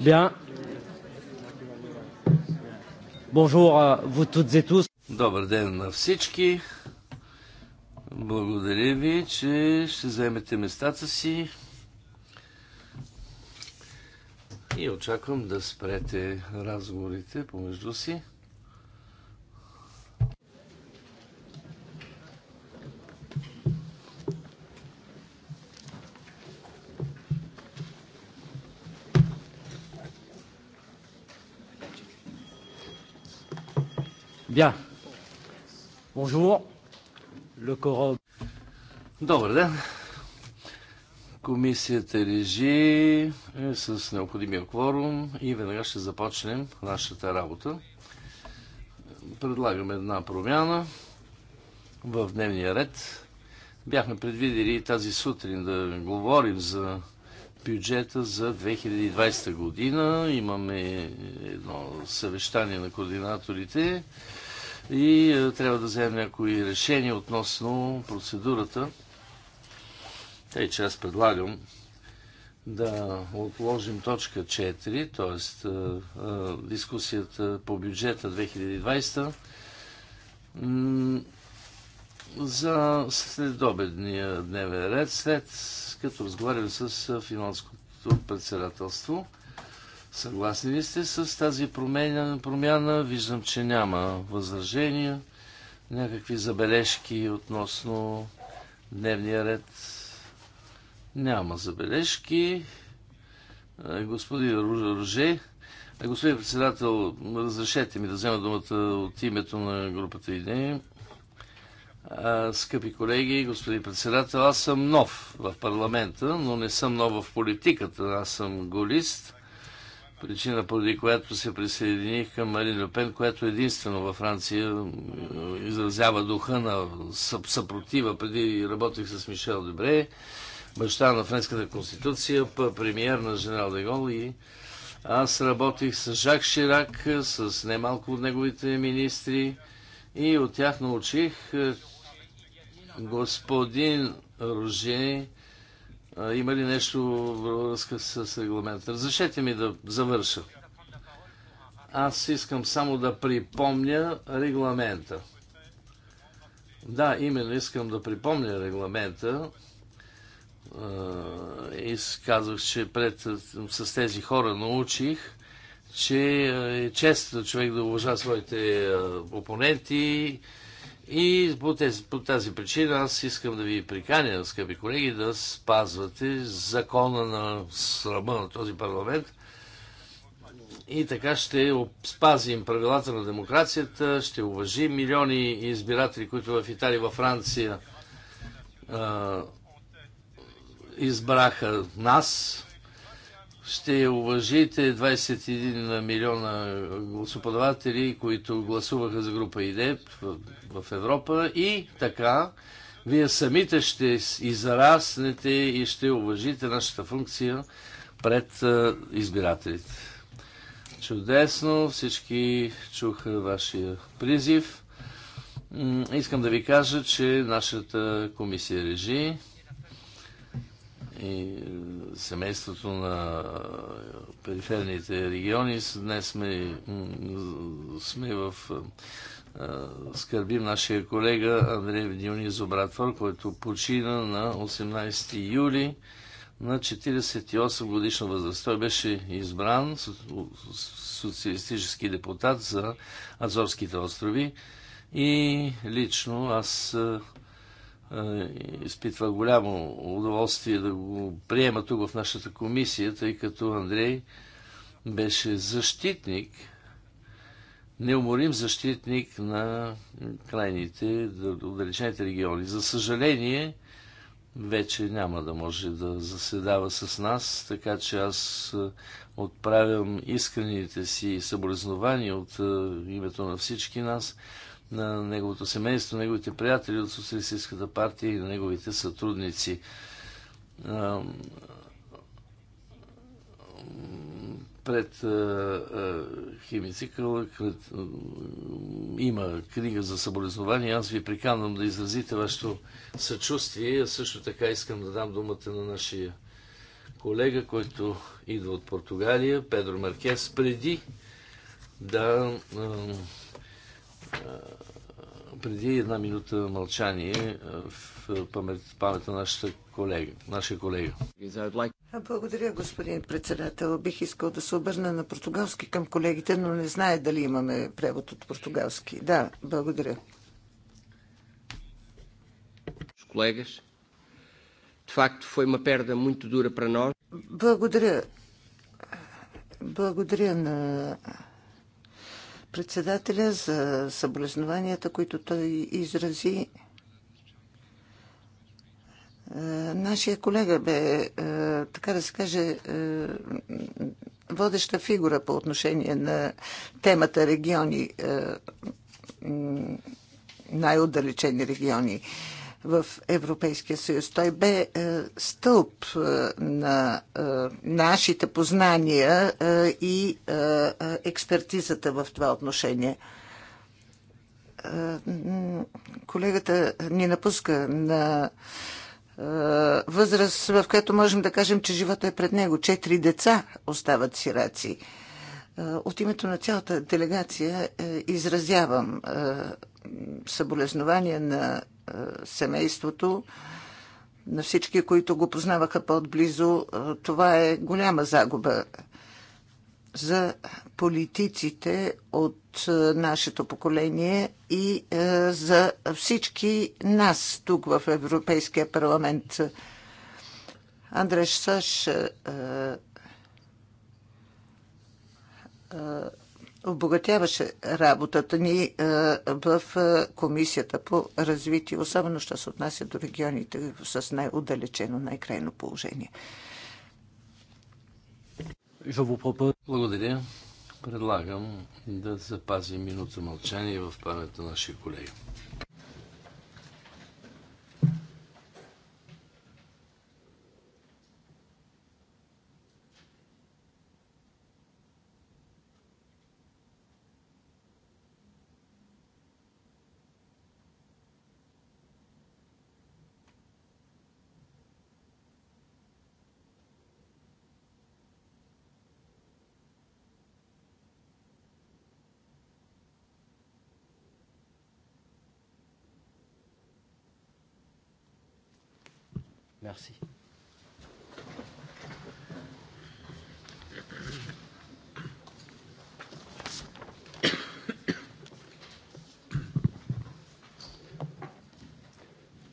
Bien. Bonjour à vous toutes et tous. Добър ден на всички. Благодаря ви, че ще вземете местата си. И очаквам да спрете разговорите помежду си. Bien. Bonjour. Le quorum. Добър ден. Комисията режи е с необходимия кворум и веднага ще започнем нашата работа. Предлагаме една промяна в дневния ред. Бяхме предвидели тази сутрин да говорим за бюджета за 2020 година. Имаме едно съвещание на координаторите и е, трябва да вземем някои решения относно процедурата. Тъй, че аз предлагам да отложим точка 4, т.е. Е, дискусията по бюджета 2020 за следобедния дневен ред, след като разговарям с е, финансовото председателство. Съгласни ли сте с тази промяна, промяна? Виждам, че няма възражения, някакви забележки относно дневния ред. Няма забележки. Господин Руже, господин председател, разрешете ми да взема думата от името на групата Идеи. Скъпи колеги, господин председател, аз съм нов в парламента, но не съм нов в политиката. Аз съм голист причина, поради която се присъединих към Марин Люпен, която единствено във Франция изразява духа на съпротива. Преди работих с Мишел Дебре, баща на Френската конституция, премиер на генерал Дегол и аз работих с Жак Ширак, с немалко от неговите министри и от тях научих е, господин Рожени, има ли нещо в връзка с регламента? Разрешете ми да завърша. Аз искам само да припомня регламента. Да, именно искам да припомня регламента. И казах, че пред, с тези хора научих, че е често човек да уважа своите опоненти, и по, тези, по тази причина аз искам да ви приканя, скъпи колеги, да спазвате закона на срама на този парламент. И така ще спазим правилата на демокрацията, ще уважим милиони избиратели, които в Италия, във Франция а, избраха нас, ще уважите 21 милиона гласоподаватели, които гласуваха за група ИДЕП в Европа и така вие самите ще израснете и ще уважите нашата функция пред избирателите. Чудесно, всички чуха вашия призив. Искам да ви кажа, че нашата комисия режи и е, семейството на е, периферните региони. Днес сме, сме в е, скърбим нашия колега Андрей Дионис Обратвор, който почина на 18 юли на 48 годишна възраст. Той беше избран социалистически депутат за Азорските острови и лично аз изпитва голямо удоволствие да го приема тук в нашата комисия, тъй като Андрей беше защитник, неуморим защитник на крайните, отдалечените региони. За съжаление, вече няма да може да заседава с нас, така че аз отправям исканите си съболезнования от името на всички нас на неговото семейство, на неговите приятели от Социалистическата партия и на неговите сътрудници. Пред химицикъл има книга за съболезнование. Аз ви приканвам да изразите вашето съчувствие. Също така искам да дам думата на нашия колега, който идва от Португалия, Педро Маркес, преди да преди една минута мълчание в памет, памет на нашата колега, нашия колега. Благодаря, господин председател. Бих искал да се обърна на португалски към колегите, но не знае дали имаме превод от португалски. Да, благодаря. Колегаш, de facto foi uma perda muito dura para nós. Благодаря. Благодаря на председателя за съболезнованията, които той изрази. Е, нашия колега бе, е, така да се каже, е, водеща фигура по отношение на темата региони, най-отдалечени региони в Европейския съюз. Той бе е, стълб е, на е, нашите познания и експертизата в това отношение. Колегата ни напуска на възраст, в която можем да кажем, че живота е пред него. Четири деца остават сираци. От името на цялата делегация изразявам съболезнования на семейството, на всички, които го познаваха по-отблизо. Това е голяма загуба за политиците от нашето поколение и за всички нас тук в Европейския парламент. Андреш Саш обогатяваше работата ни е, в е, Комисията по развитие, особено що се отнася до регионите с най-удалечено, най-крайно положение. Благодаря. Предлагам да запазим минута мълчание в памет на нашия колега. Merci.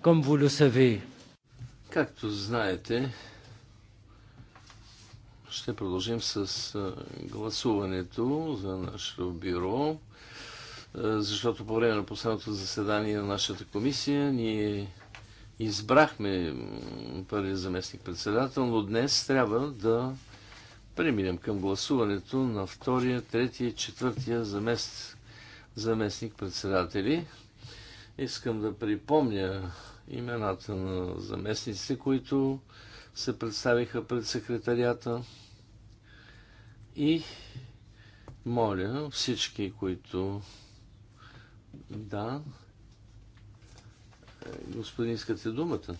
Comme vous le savez, Както знаете, ще продължим с гласуването за нашето бюро, защото по време на последното заседание на нашата комисия ние избрахме първия заместник председател, но днес трябва да преминем към гласуването на втория, третия четвъртия замест, заместник председатели. Искам да припомня имената на заместниците, които се представиха пред секретарията и моля всички, които да, Господин, искате думата?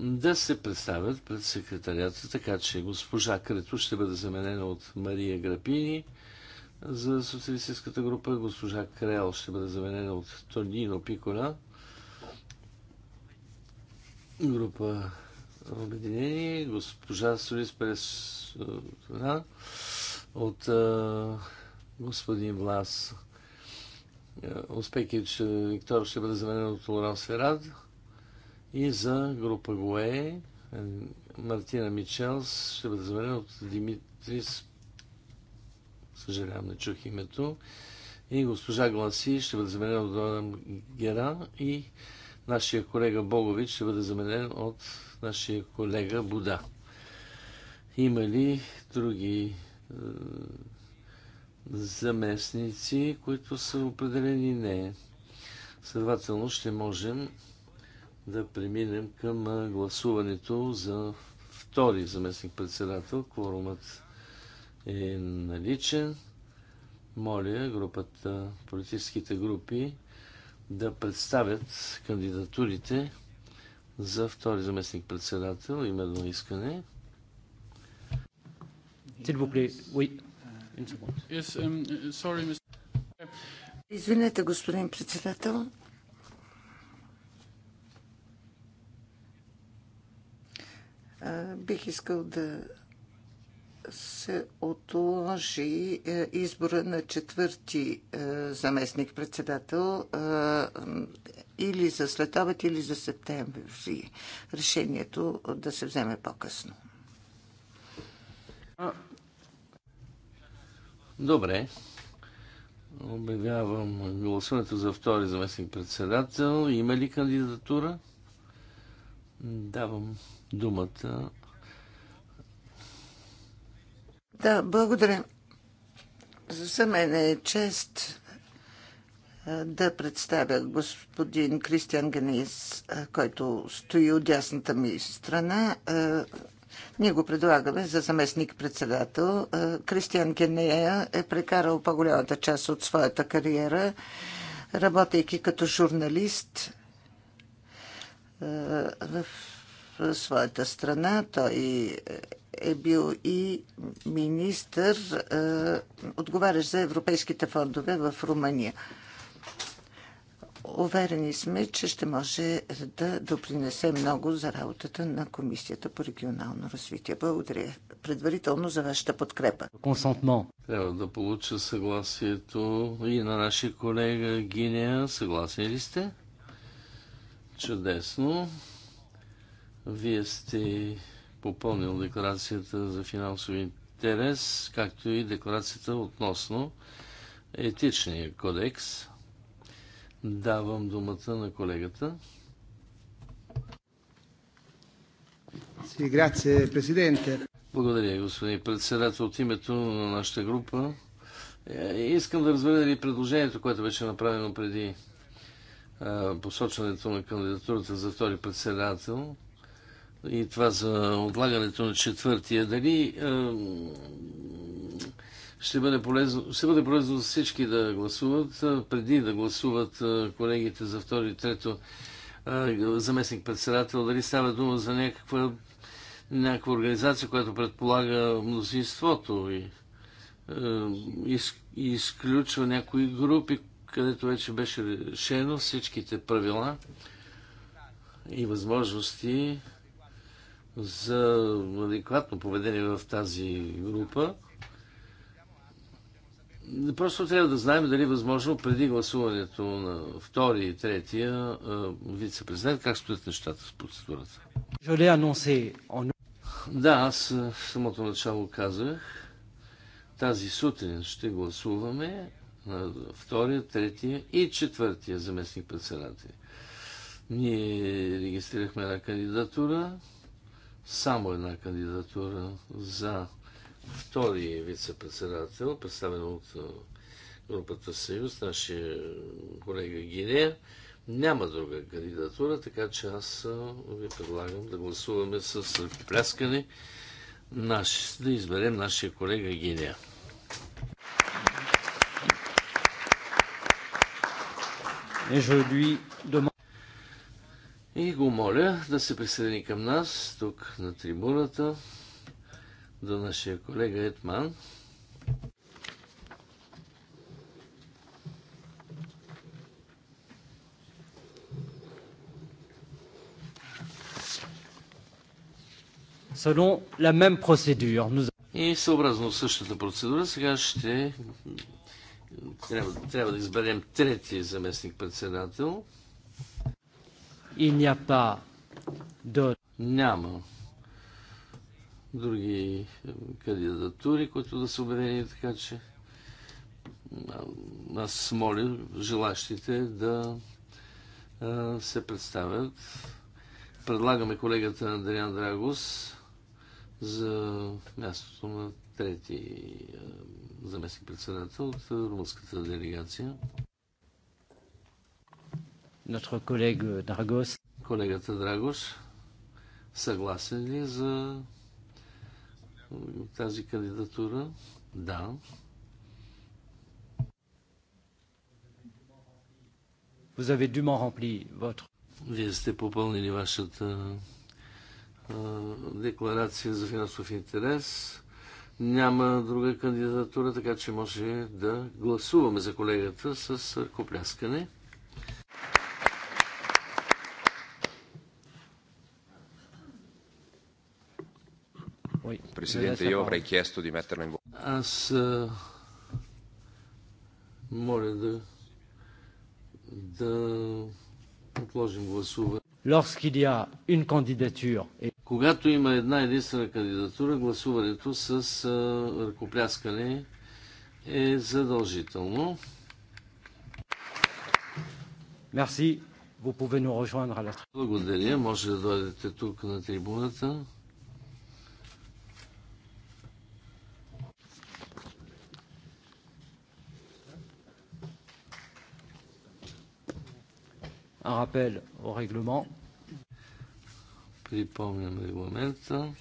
Да се представят пред секретарията, така че госпожа Крето ще бъде заменена от Мария Грапини за социалистическата група, госпожа Крел ще бъде заменена от Тонино Пикола, група Обединение, госпожа Солис Перес от а, господин Влас е, Успехи, че Виктор ще бъде заменен от Лоран Сферад и за група ГОЕ е, Мартина Мичелс ще бъде заменен от Димитрис съжалявам, не чух името и госпожа Гласи ще бъде заменен от Доран Гера и нашия колега Богович ще бъде заменен от нашия колега Буда. Има ли други е, заместници, които са определени не. Следователно ще можем да преминем към гласуването за втори заместник-председател. Кворумът е наличен. Моля групата, политическите групи да представят кандидатурите за втори заместник-председател. Има едно искане. Извинете, господин председател. Бих искал да се отложи е, избора на четвърти е, заместник-председател е, или за следобед, или за септември. Решението да се вземе по-късно. Добре. Обявявам гласуването за втори заместник председател. Има ли кандидатура? Давам думата. Да, благодаря. За мен е чест да представя господин Кристиан Генис, който стои от дясната ми страна ние го предлагаме за заместник-председател. Е, Кристиан Генея е прекарал по-голямата част от своята кариера, работейки като журналист е, в своята страна. Той е бил и министър, е, отговарящ за европейските фондове в Румъния. Уверени сме, че ще може да допринесе много за работата на Комисията по регионално развитие. Благодаря предварително за вашата подкрепа. Трябва да получа съгласието и на нашия колега Гиния. Съгласни ли сте? Чудесно. Вие сте попълнил декларацията за финансови интерес, както и декларацията относно етичния кодекс – Давам думата на колегата. Благодаря, господин председател. От името на нашата група е, искам да разбера дали предложението, което беше направено преди е, посочването на кандидатурата за втори председател и това за отлагането на четвъртия, дали е, ще бъде полезно, ще бъде полезно за всички да гласуват, преди да гласуват колегите за втори и трето заместник-председател, дали става дума за някаква, някаква организация, която предполага мнозинството и изключва някои групи, където вече беше решено всичките правила и възможности за адекватно поведение в тази група. Просто трябва да знаем дали е възможно преди гласуването на втори и третия вице-президент как стоят нещата с процедурата. Да, аз в самото начало казах, тази сутрин ще гласуваме на втория, третия и четвъртия заместник председател. Ние регистрирахме една кандидатура, само една кандидатура за втори вице-председател, представен от групата Съюз, нашия колега Гирея. Няма друга кандидатура, така че аз ви предлагам да гласуваме с пляскане наш, да изберем нашия колега Гирея. И го моля да се присъедини към нас тук на трибуната до нашия колега Етман. selon la même procédure. Nous... И съобразно същата процедура, сега ще трябва, трябва да изберем третия заместник председател. И Няма други кандидатури, които да са убедени, така че аз моля желащите да се представят. Предлагаме колегата Андриан Драгос за мястото на трети заместник председател от румънската делегация. Нашата колега Драгос. Колегата Драгос съгласен ли за тази кандидатура? Да. Vous avez dûment rempli votre... Вие сте попълнили вашата а, декларация за финансов интерес. Няма друга кандидатура, така че може да гласуваме за колегата с копляскане. Presidente, io avrei chiesto di metterla in votazione. Аз моля да, да отложим гласуване. когато има една единствена кандидатура, гласуването с ръкопляскане е задължително. Merci. Vous pouvez nous rejoindre à la... Благодаря. Може да дойдете тук на трибуната. un rappel au регламент. Припомням регламента.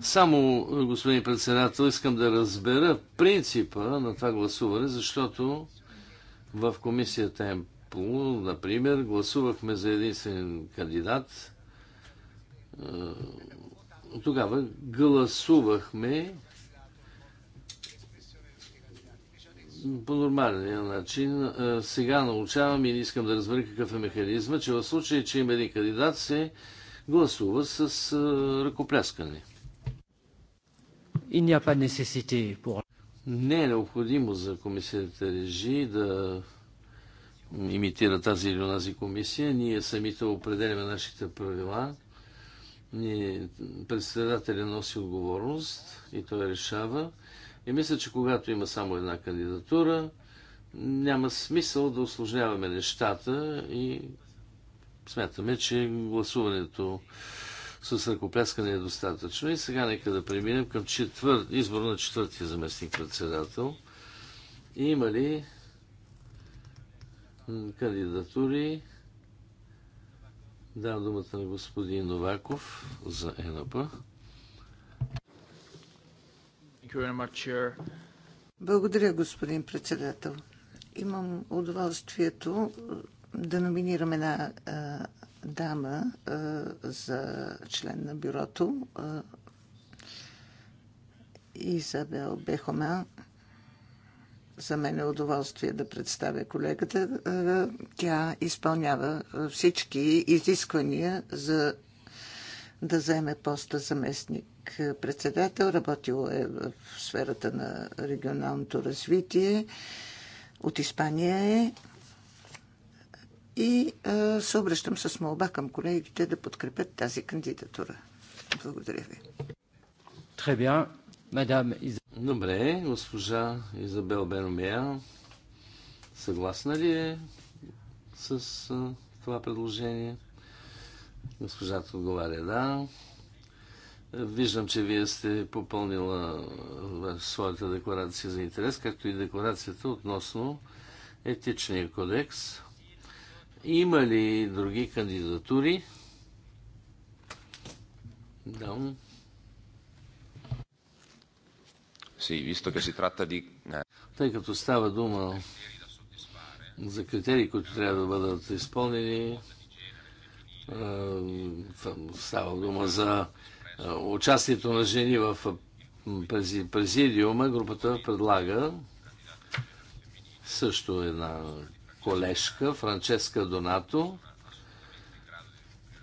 Само, господин председател, искам да разбера принципа на това гласуване, защото в комисията ЕМПЛ, например, гласувахме за единствен кандидат. Е, тогава гласувахме по нормалния начин. Сега научавам и не искам да разбера какъв е механизма, че в случай, че има един кандидат, се гласува с ръкопляскане. Не е необходимо за комисията режи да имитира тази или онази комисия. Ние самите определяме нашите правила. Ние, председателя носи отговорност и той решава и мисля, че когато има само една кандидатура, няма смисъл да осложняваме нещата и смятаме, че гласуването с ръкопляскане е достатъчно. И сега нека да преминем към четвър... избор на четвъртия заместник председател. И има ли кандидатури? Дам думата на господин Новаков за ЕНАПА. Благодаря, господин председател. Имам удоволствието е, да номинирам една а, е, дама а, е, за член на бюрото. А, Изабел Бехома. За мен е удоволствие да представя колегата. А, тя изпълнява всички изисквания за да заеме поста заместник председател, работил е в сферата на регионалното развитие. От Испания е. И а, се обръщам с молба към колегите да подкрепят тази кандидатура. Благодаря ви. Добре, госпожа Изабел Беномия, съгласна ли е с това предложение? Госпожата отговаря да. Виждам, че вие сте попълнила е, своята декларация за интерес, както и декларацията относно етичния кодекс. Има ли други кандидатури? Да. Sì, visto che si tratta di... Eh, Тъй като става дума за критерии, които трябва да бъдат изпълнени, е, става дума за участието на жени в президиума, групата предлага също една колежка, Франческа Донато.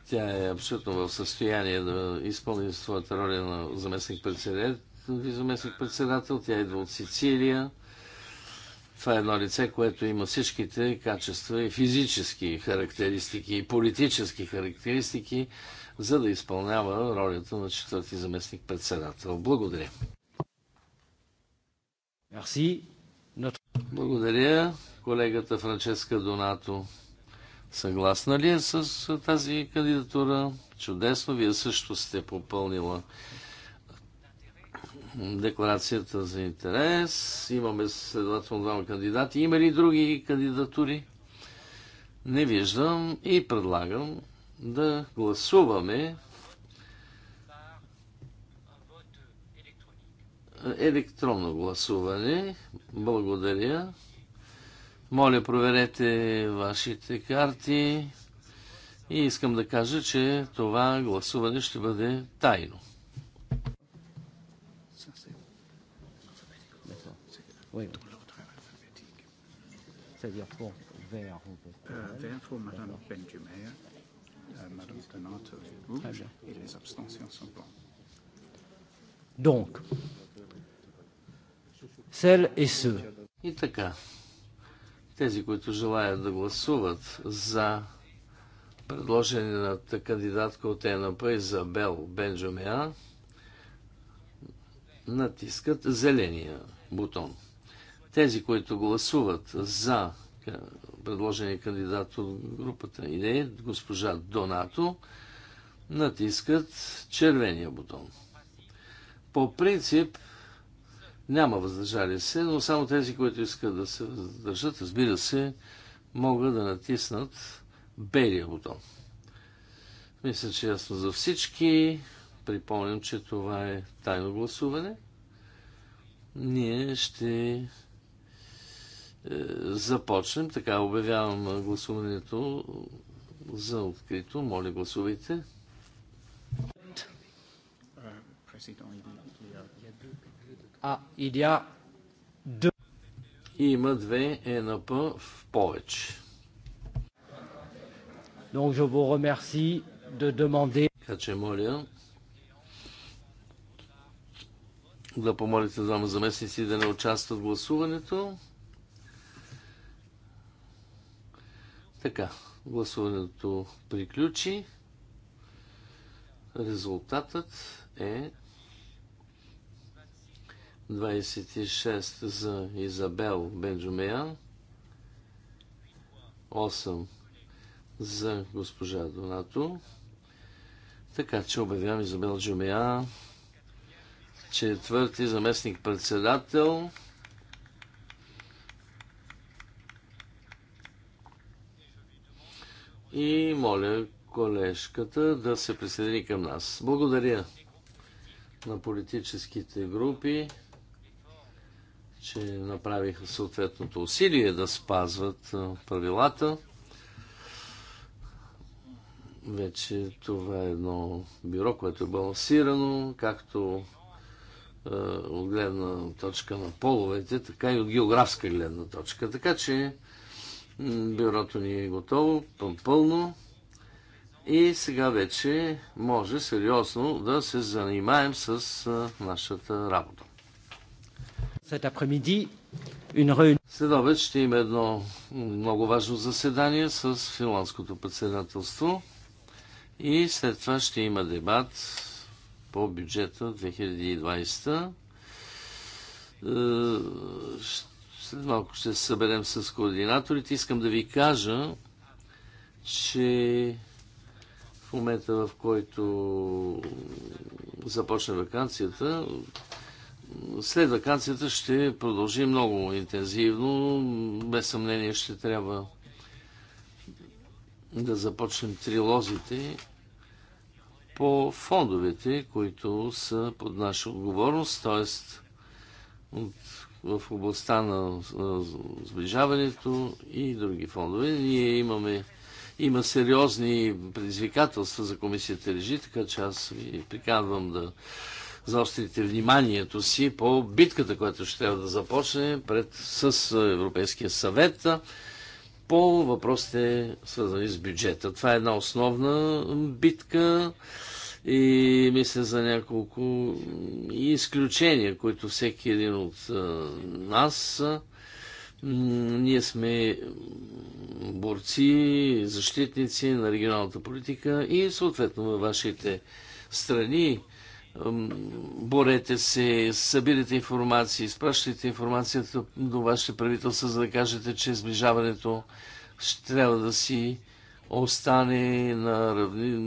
Тя е абсолютно в състояние да изпълни своята роля на заместник-председател. Заместник-председател. Тя идва от Сицилия. Това е едно лице, което има всичките качества и физически характеристики, и политически характеристики за да изпълнява ролята на четвърти заместник председател. Благодаря. Благодаря. Колегата Франческа Донато. Съгласна ли е с тази кандидатура? Чудесно, вие също сте попълнила декларацията за интерес. Имаме следователно двама кандидати. Има ли други кандидатури? Не виждам и предлагам да гласуваме електронно гласуване. Благодаря. Моля, проверете вашите карти. И искам да кажа, че това гласуване ще бъде тайно. Euh, vert, pour euh, Madame Benjamin. Donc, celles et ceux. И така, тези, които желаят да гласуват за предложената кандидатка от ЕНП Изабел Бенджамеа, натискат зеления бутон. Тези, които гласуват за предложения кандидат от групата идеи, госпожа Донато, натискат червения бутон. По принцип няма въздържали се, но само тези, които искат да се въздържат, разбира се, могат да натиснат белия бутон. Мисля, че е ясно за всички. Припомням, че това е тайно гласуване. Ние ще е, започнем. Така, обявявам гласуването за открито. Моля, гласувайте. А, идя Д. Има две ЕНП в повече. Donc je vous remercie de demander. Така че моля да помолите двама заместници да не участват в гласуването. Така, гласуването приключи. Резултатът е 26 за Изабел Бенджумеян, 8 за госпожа Донато. Така че обявявам Изабел Джумеян четвърти заместник председател. И моля колежката да се присъедини към нас. Благодаря на политическите групи, че направиха съответното усилие да спазват правилата. Вече това е едно бюро, което е балансирано, както от гледна точка на половете, така и от географска гледна точка. Така че Бюрото ни е готово, пълно. И сега вече може сериозно да се занимаем с нашата работа. След обед ще има едно много важно заседание с финландското председателство и след това ще има дебат по бюджета 2020. Ще след малко ще се съберем с координаторите. Искам да ви кажа, че в момента, в който започне вакансията, след вакансията ще продължи много интензивно. Без съмнение ще трябва да започнем трилозите по фондовете, които са под наша отговорност, т.е. от в областта на сближаването и други фондове. Ние имаме има сериозни предизвикателства за комисията режи, така че аз ви приказвам да заострите вниманието си по битката, която ще трябва да започне пред, с Европейския съвет по въпросите свързани с бюджета. Това е една основна битка и мисля за няколко изключения, които всеки един от нас ние сме борци, защитници на регионалната политика и съответно във вашите страни борете се, събирате информация, изпращайте информацията до вашите правителства, за да кажете, че сближаването ще трябва да си остане на равни...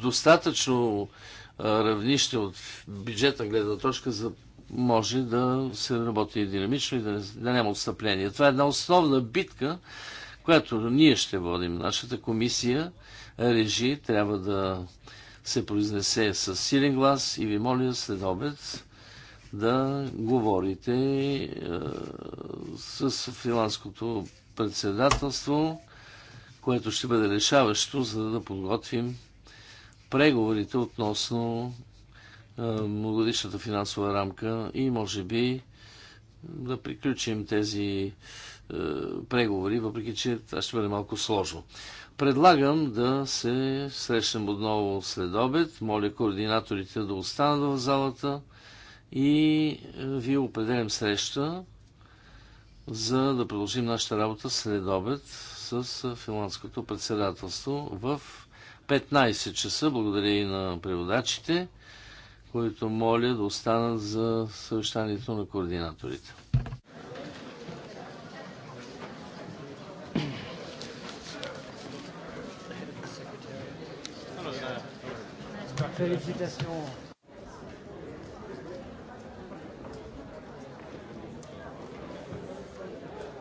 достатъчно равнище от бюджетна гледна точка, за може да се работи динамично и да, не, да няма отстъпление. Това е една основна битка, която ние ще водим. Нашата комисия режи, трябва да се произнесе с силен глас и ви моля след обед да говорите е, с финландското председателство което ще бъде решаващо, за да подготвим преговорите относно многодишната финансова рамка и може би да приключим тези преговори, въпреки че това ще бъде малко сложно. Предлагам да се срещнем отново след обед. Моля координаторите да останат в залата и ви определям среща, за да продължим нашата работа след обед с финландското председателство в 15 часа. Благодаря и на преводачите, които моля да останат за съвещанието на координаторите. Félicitations.